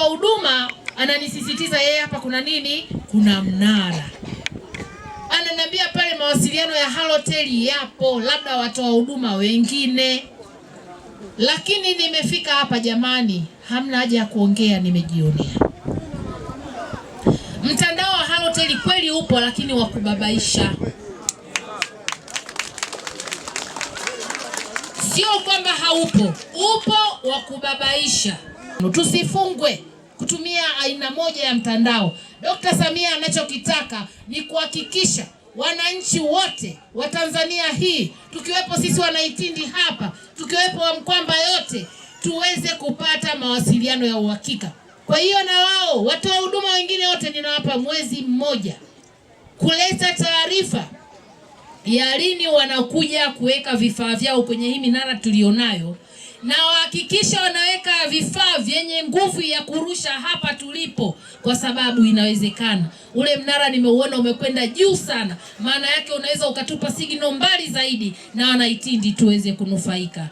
mtoa huduma ananisisitiza yeye, hapa kuna nini? Kuna mnara. Ananiambia pale mawasiliano ya Halotel yapo, labda watoa huduma wengine, lakini nimefika hapa jamani, hamna haja ya kuongea, nimejionea. Mtandao wa Halotel kweli upo, lakini wa kubabaisha Sio kwamba haupo, upo wa kubabaisha. Tusifungwe kutumia aina moja ya mtandao. Dkt. Samia anachokitaka ni kuhakikisha wananchi wote wa Tanzania hii tukiwepo sisi wanaitindi hapa tukiwepo Wamkwamba yote tuweze kupata mawasiliano ya uhakika. Kwa hiyo na wao watoa huduma wengine wote ninawapa mwezi mmoja kuleta taarifa ya lini wanakuja kuweka vifaa vyao kwenye hii minara tulionayo na wahakikisha wanaweka vifaa vyenye nguvu ya kurusha hapa tulipo, kwa sababu inawezekana. Ule mnara nimeuona umekwenda juu sana, maana yake unaweza ukatupa signal mbali zaidi na wanaitindi tuweze kunufaika.